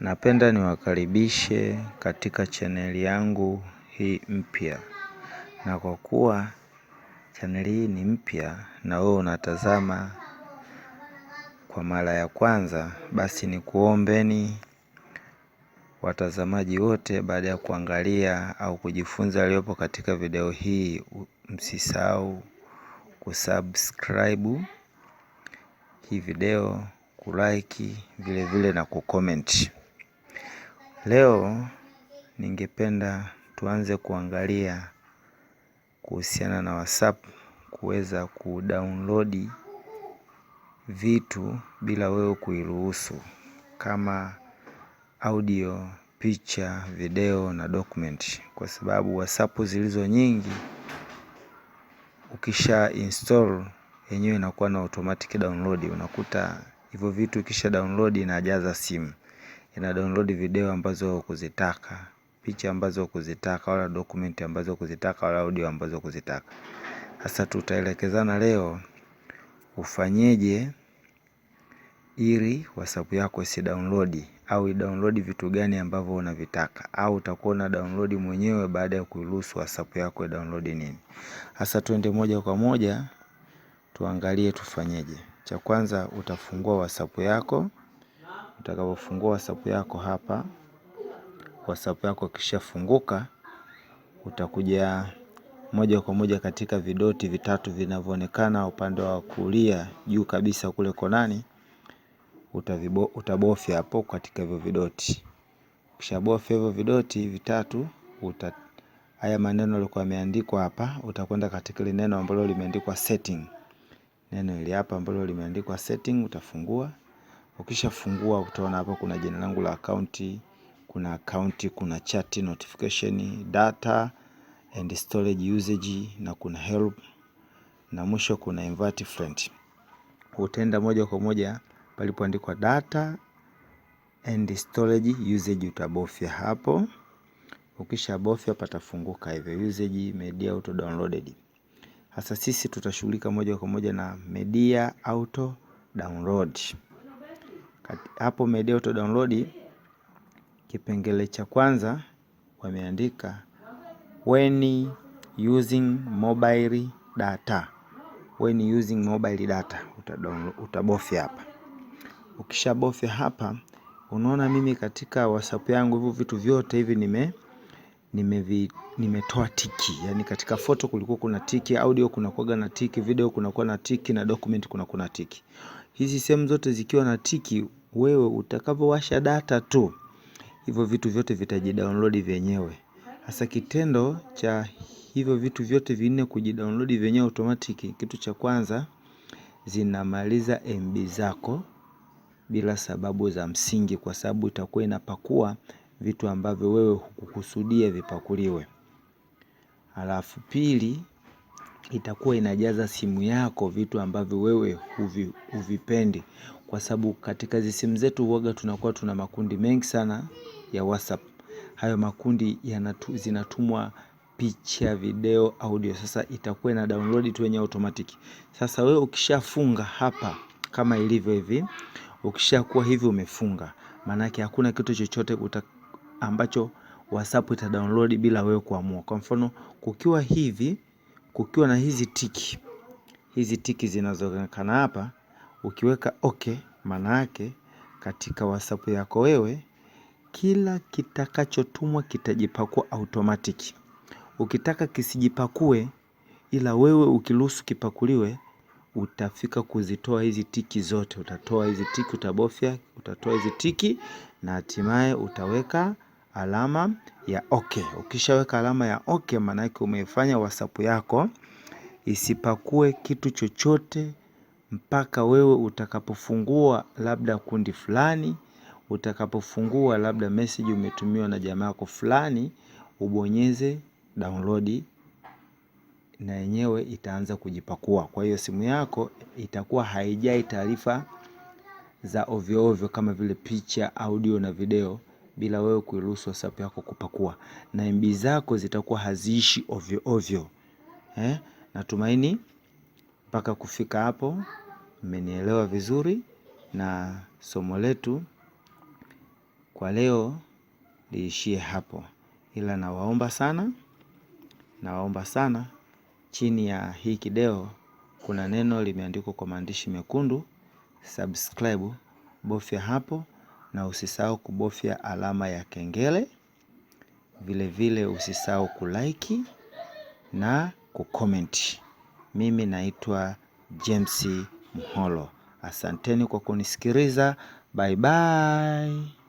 Napenda niwakaribishe katika chaneli yangu hii mpya. Na kwa kuwa chaneli hii ni mpya na wewe unatazama kwa mara ya kwanza basi ni kuombeni watazamaji wote baada ya kuangalia au kujifunza yaliyopo katika video hii msisahau kusubscribe hii video, kulike vile vile na kucomment. Leo ningependa tuanze kuangalia kuhusiana na WhatsApp kuweza kudownload vitu bila wewe kuiruhusu kama audio, picha, video na document kwa sababu WhatsApp zilizo nyingi ukisha install yenyewe inakuwa na automatic download unakuta hivyo vitu ukisha download inajaza simu ina download video ambazo kuzitaka, picha ambazo kuzitaka, wala document ambazo kuzitaka, wala audio ambazo kuzitaka. Sasa tutaelekezana leo ufanyeje ili WhatsApp yako download au download vitu gani ambavyo unavitaka au utakuwa na download mwenyewe baada ya kuruhusu WhatsApp yako download nini. Sasa twende moja kwa moja tuangalie tufanyeje. Cha kwanza utafungua WhatsApp yako utakapofungua WhatsApp yako hapa, WhatsApp yako ikishafunguka, utakuja moja kwa moja katika vidoti vitatu vinavyoonekana upande wa kulia juu kabisa kule konani, utabofya hapo katika hivyo vidoti. Ukishabofya hivyo vidoti vitatu uta, haya maneno yalikuwa yameandikwa hapa, utakwenda katika ile neno ambalo limeandikwa setting. Neno ile hapa ambalo limeandikwa setting utafungua Ukishafungua utaona hapa kuna jina langu la akaunti, kuna akaunti, kuna chat notification, data and storage usage na kuna help na mwisho kuna invite friend. Utaenda moja kwa moja palipoandikwa data and storage usage utabofya hapo. Ukishabofya patafunguka hivyo usage media auto downloaded. Sasa sisi tutashughulika moja kwa moja na media auto download hapo media auto download kipengele cha kwanza wameandika when using mobile data, when using mobile data utabofya hapa. Ukishabofya hapa, unaona mimi katika WhatsApp yangu hivyo vitu vyote hivi nime nimetoa nime tiki, yani katika foto kulikuwa kuna tiki, audio kuna na tiki, video kuna kuwa na tiki na document kuna kuna tiki. Hizi sehemu zote zikiwa na tiki wewe utakapowasha data tu hivyo vitu vyote vitajidownload vyenyewe. Hasa kitendo cha hivyo vitu vyote vinne kujidownload vyenyewe automatic, kitu cha kwanza zinamaliza MB zako bila sababu za msingi, kwa sababu itakuwa inapakua vitu ambavyo wewe hukukusudia vipakuliwe. Alafu pili, itakuwa inajaza simu yako vitu ambavyo wewe huvipendi kwa sababu katika hizi simu zetu huaga tunakuwa tuna makundi mengi sana ya WhatsApp. Hayo makundi yanatu, zinatumwa picha, video, audio. Sasa itakuwa na download tu yenye automatic. Sasa wewe ukishafunga hapa kama ilivyo hivi, ukishakuwa hivi umefunga, maanake hakuna kitu chochote uta, ambacho WhatsApp ita download bila wewe kuamua. Kwa mfano kukiwa hivi, kukiwa na hizi tiki hizi tiki zinazoonekana hapa Ukiweka okay, maana yake katika WhatsApp yako wewe, kila kitakachotumwa kitajipakua automatic. Ukitaka kisijipakue, ila wewe ukiruhusu kipakuliwe, utafika kuzitoa hizi tiki zote. Utatoa hizi tiki, utabofya, utatoa hizi tiki na hatimaye utaweka alama ya okay. Ukishaweka alama ya okay, maana yake umeifanya WhatsApp yako isipakue kitu chochote mpaka wewe utakapofungua labda kundi fulani, utakapofungua labda message umetumiwa na jamaa yako fulani, ubonyeze download na yenyewe itaanza kujipakua. Kwa hiyo simu yako itakuwa haijai taarifa za ovyo ovyo kama vile picha, audio na video bila wewe kuiruhusu WhatsApp yako kupakua, na MB zako zitakuwa haziishi ovyo ovyo eh. Natumaini mpaka kufika hapo mmenielewa vizuri, na somo letu kwa leo liishie hapo, ila nawaomba sana, nawaomba sana, chini ya hii kideo kuna neno limeandikwa kwa maandishi mekundu subscribe, bofya hapo, na usisahau kubofya alama ya kengele. Vilevile usisahau kulike na kukomenti. Mimi naitwa James Mholo. Asanteni kwa kunisikiliza. Bye bye.